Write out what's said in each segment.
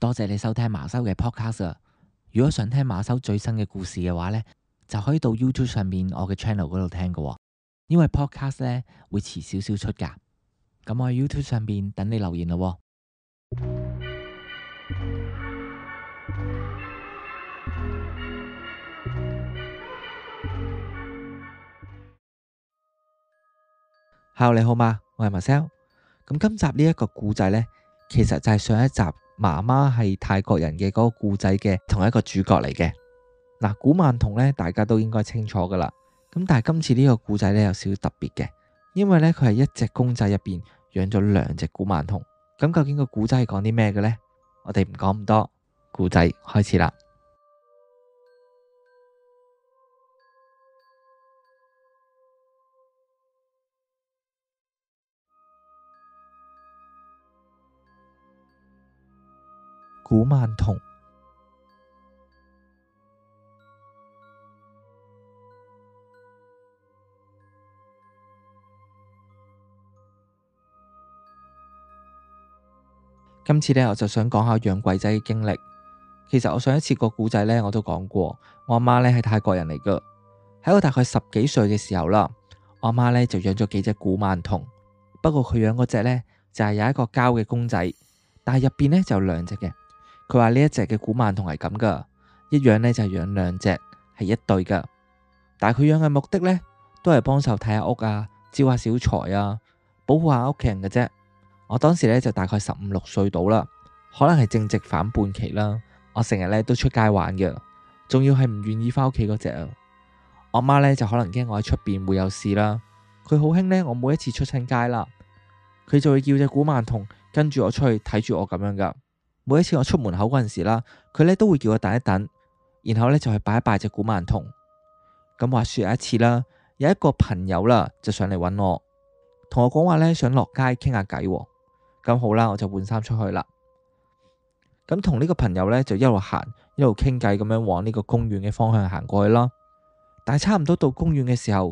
多謝你收聽馬修嘅 podcast。如果想聽馬修最新嘅故事嘅話呢，就可以到 YouTube 上面我嘅 channel 嗰度聽噶。因為 podcast 咧會遲少少出噶。咁我喺 YouTube 上面等你留言咯。Hello，你好嗎？我係 Marcel。咁今集呢一個故仔呢，其實就係上一集。媽媽係泰國人嘅嗰個故仔嘅同一個主角嚟嘅，嗱，古曼童呢，大家都應該清楚噶啦，咁但係今次呢個故仔呢，有少少特別嘅，因為呢，佢係一隻公仔入邊養咗兩隻古曼童，咁究竟個故仔係講啲咩嘅呢？我哋唔講咁多，故仔開始啦。古曼童，今次呢，我就想講下養鬼仔嘅經歷。其實我上一次個故仔呢，我都講過。我阿媽呢，係泰國人嚟㗎，喺我大概十幾歲嘅時候啦，我阿媽呢，就養咗幾隻古曼童。不過佢養嗰隻呢，就係有一個膠嘅公仔，但係入邊呢，就有兩隻嘅。佢話呢一隻嘅古曼童係咁噶，一養呢就係養兩隻係一對噶，但係佢養嘅目的呢，都係幫手睇下屋啊，招下小財啊，保護下屋企人嘅啫。我當時呢就大概十五六歲到啦，可能係正值反叛期啦。我成日呢都出街玩嘅，仲要係唔願意翻屋企嗰隻啊。我媽呢就可能驚我喺出邊會有事啦。佢好興呢，我每一次出親街啦，佢就會叫隻古曼童跟住我出去睇住我咁樣噶。每一次我出門口嗰陣時啦，佢咧都會叫我等一等，然後咧就去拜一拜隻古曼童。咁話說有一次啦，有一個朋友啦就上嚟搵我，同我講話咧想落街傾下偈。咁、啊、好啦，我就換衫出去啦。咁同呢個朋友咧就一路行一路傾偈，咁樣往呢個公園嘅方向行過去啦。但係差唔多到公園嘅時候，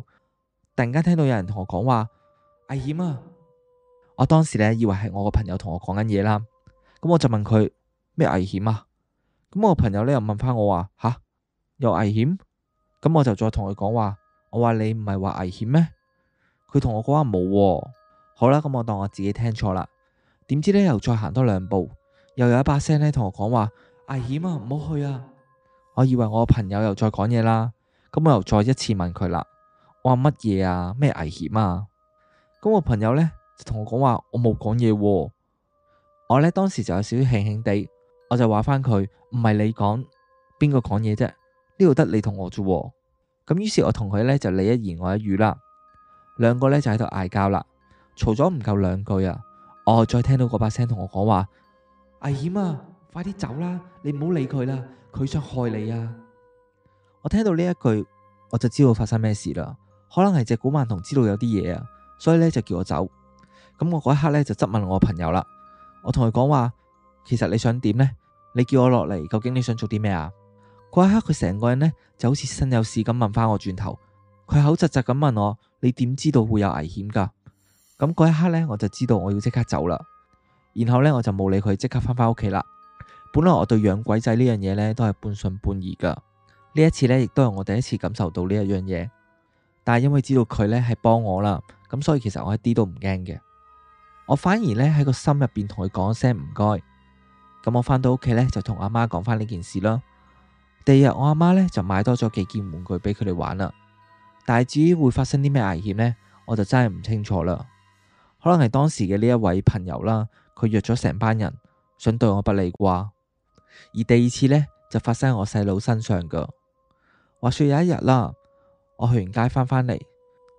突然間聽到有人同我講話危險啊！我當時咧以為係我個朋友同我講緊嘢啦。咁我就問佢咩危險啊？咁我朋友咧又問翻我話吓，又危險？咁我就再同佢講話，我話你唔係話危險咩？佢同我講話冇。好啦，咁我當我自己聽錯啦。點知咧又再行多兩步，又有一把聲咧同我講話危險啊，唔好去啊！我以為我朋友又再講嘢啦，咁我又再一次問佢啦。我話乜嘢啊？咩危險啊？咁我朋友咧就同我講話，我冇講嘢。我呢當時就有少少慶幸地，我就話返佢唔係你講邊個講嘢啫，呢度得你同我咋。咁於是我同佢呢就你一言我一語啦，兩個呢就喺度嗌交啦，嘈咗唔夠兩句啊。我再聽到嗰把聲同我講話危險啊，快啲走啦，你唔好理佢啦，佢想害你啊。我聽到呢一句，我就知道發生咩事啦。可能係隻古曼童知道有啲嘢啊，所以呢就叫我走。咁我嗰一刻呢就質問我朋友啦。我同佢講話，其實你想點呢？你叫我落嚟，究竟你想做啲咩啊？嗰一刻佢成個人呢就好似身有事咁問翻我轉頭，佢口窒窒咁問我：你點知道會有危險噶？咁嗰一刻呢，我就知道我要即刻走啦。然後呢，我就冇理佢，即刻返返屋企啦。本來我對養鬼仔呢樣嘢呢都係半信半疑噶，呢一次呢，亦都係我第一次感受到呢一樣嘢。但係因為知道佢呢係幫我啦，咁所以其實我一啲都唔驚嘅。我反而呢喺個心入邊同佢講聲唔該，咁我返到屋企呢，就同阿媽講返呢件事啦。第二日我阿媽呢，就買多咗幾件玩具俾佢哋玩啦。但係至於會發生啲咩危險呢？我就真係唔清楚啦。可能係當時嘅呢一位朋友啦，佢約咗成班人想對我不利啩。而第二次呢，就發生喺我細佬身上噶。話說有一日啦，我去完街返返嚟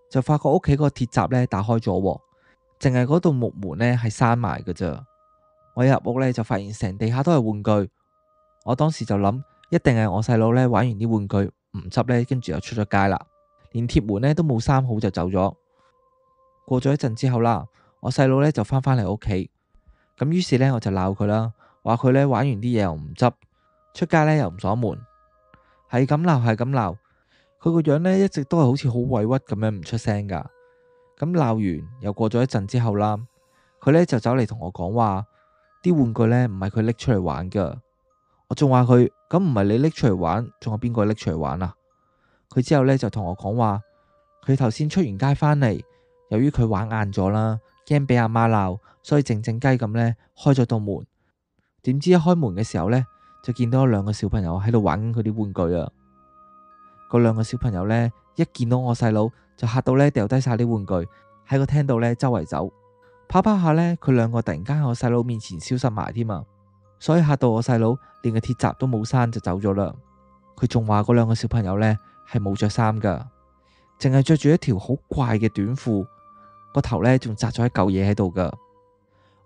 就發覺屋企個鐵閘呢，打開咗。淨係嗰道木門呢係閂埋嘅咋。我一入屋呢，就發現成地下都係玩具，我當時就諗，一定係我細佬呢玩完啲玩具唔執呢，跟住又出咗街啦，連鐵門呢都冇閂好就走咗。過咗一陣之後啦，我細佬呢就翻返嚟屋企，咁於是呢，我就鬧佢啦，話佢呢玩完啲嘢又唔執，出街呢又唔鎖門，係咁鬧，係咁鬧，佢個樣呢一直都係好似好委屈咁樣唔出聲噶。咁鬧完，又過咗一陣之後啦，佢呢就走嚟同我講話：啲玩具呢唔係佢拎出嚟玩噶。我仲話佢咁唔係你拎出嚟玩，仲有邊個拎出嚟玩啊？佢之後呢就同我講話：佢頭先出完街返嚟，由於佢玩晏咗啦，驚俾阿媽鬧，所以靜靜雞咁呢開咗道門。點知一開門嘅時候呢，就見到兩個小朋友喺度玩佢啲玩具啊！嗰兩個小朋友呢，一見到我細佬。就嚇到呢掉低晒啲玩具喺個廳度呢周圍走，跑跑下呢，佢兩個突然間喺我細佬面前消失埋添啊，所以嚇到我細佬連個鐵閘都冇閂就走咗啦。佢仲話嗰兩個小朋友呢係冇着衫噶，淨係着住一條好怪嘅短褲，個頭呢仲紮咗一嚿嘢喺度噶。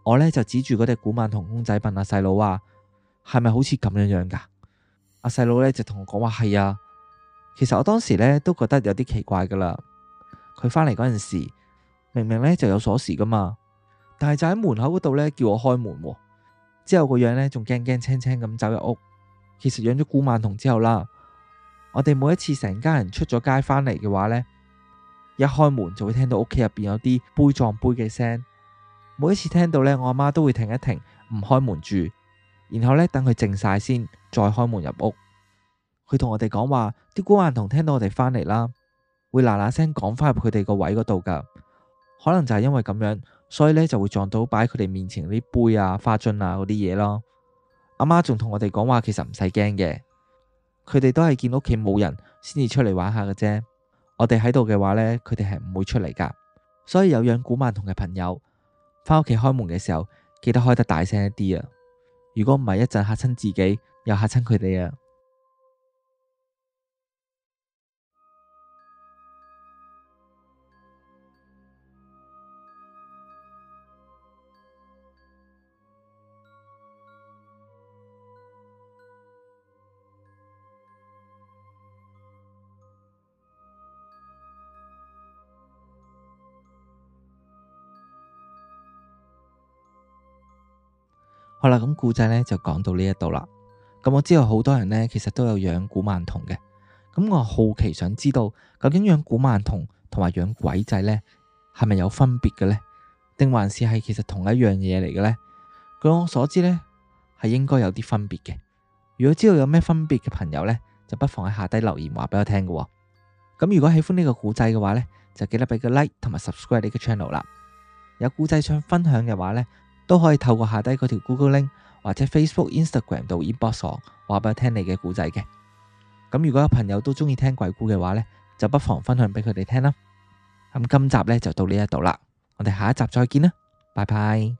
我呢就指住嗰隻古曼童公仔問阿細佬啊，係咪好似咁樣樣噶？阿細佬呢就同我講話，係啊。其實我當時呢都覺得有啲奇怪噶啦。佢返嚟嗰陣時，明明呢就有鎖匙噶嘛，但係就喺門口嗰度呢叫我開門喎，之後個樣呢仲驚驚青青咁走入屋。其實養咗古曼童之後啦，我哋每一次成家人出咗街返嚟嘅話呢，一開門就會聽到屋企入邊有啲杯撞杯嘅聲。每一次聽到呢，我阿媽都會停一停，唔開門住，然後呢等佢靜晒先再開門入屋。佢同我哋講話，啲古曼童聽到我哋返嚟啦。會嗱嗱聲講返入佢哋個位嗰度噶，可能就係因為咁樣，所以呢就會撞到擺佢哋面前啲杯啊、花樽啊嗰啲嘢咯。阿媽仲同我哋講話，其實唔使驚嘅，佢哋都係見屋企冇人先至出嚟玩下噶啫。我哋喺度嘅話呢，佢哋係唔會出嚟噶。所以有養古曼童嘅朋友，返屋企開門嘅時候，記得開得大聲一啲啊！如果唔係，一陣嚇親自己，又嚇親佢哋啊！好啦，咁古仔呢就講到呢一度啦。咁我知道好多人呢其實都有養古曼童嘅，咁我好奇想知道究竟養古曼童同埋養鬼仔呢係咪有分別嘅呢？定還是係其實同一樣嘢嚟嘅呢？據我所知呢，係應該有啲分別嘅。如果知道有咩分別嘅朋友呢，就不妨喺下低留言話俾我聽㗎。咁如果喜歡呢個古仔嘅話呢，就記得俾個 like 同埋 subscribe 呢個 channel 啦。有古仔想分享嘅話呢。都可以透過下低嗰條 Google Link 或者 Facebook、Instagram 度 inbox 我，話俾我聽你嘅故仔嘅。咁如果有朋友都中意聽鬼故嘅話呢，就不妨分享俾佢哋聽啦。咁今集呢就到呢一度啦，我哋下一集再見啦，拜拜。